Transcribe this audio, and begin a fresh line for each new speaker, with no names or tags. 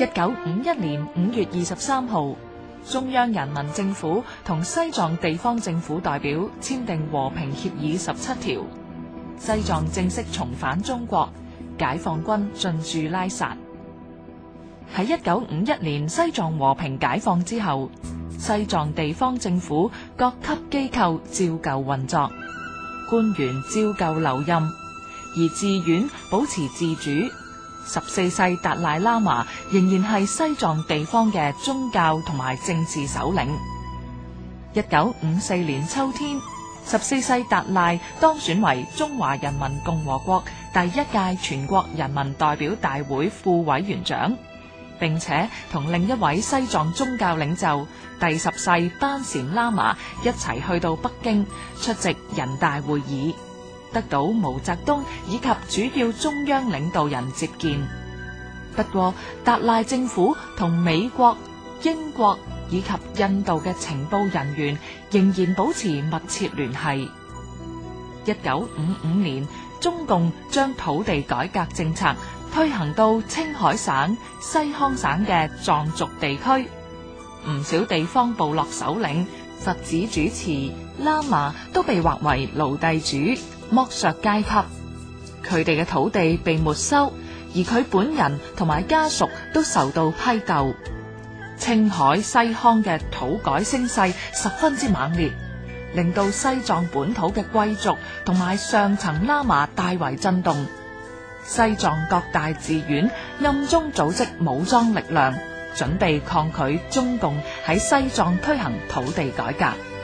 一九五一年五月二十三號，中央人民政府同西藏地方政府代表簽訂和平協議十七條，西藏正式重返中國，解放軍進駐拉薩。喺一九五一年西藏和平解放之後，西藏地方政府各級機構照舊運作，官員照舊留任，而寺院保持自主。十四世達賴喇嘛仍然係西藏地方嘅宗教同埋政治首領。一九五四年秋天，十四世達賴當選為中華人民共和國第一屆全國人民代表大會副委員長，並且同另一位西藏宗教領袖第十世班禪喇嘛一齊去到北京出席人大會議。得到毛澤東以及主要中央領導人接見。不過，達賴政府同美國、英國以及印度嘅情報人員仍然保持密切聯繫。一九五五年，中共將土地改革政策推行到青海省、西康省嘅藏族地區。唔少地方部落首領、佛寺主持、喇嘛都被劃為奴隸主。剝削階級，佢哋嘅土地被沒收，而佢本人同埋家屬都受到批鬥。青海、西康嘅土改聲勢十分之猛烈，令到西藏本土嘅貴族同埋上層喇嘛大為震動。西藏各大寺院暗中組織武裝力量，準備抗拒中共喺西藏推行土地改革。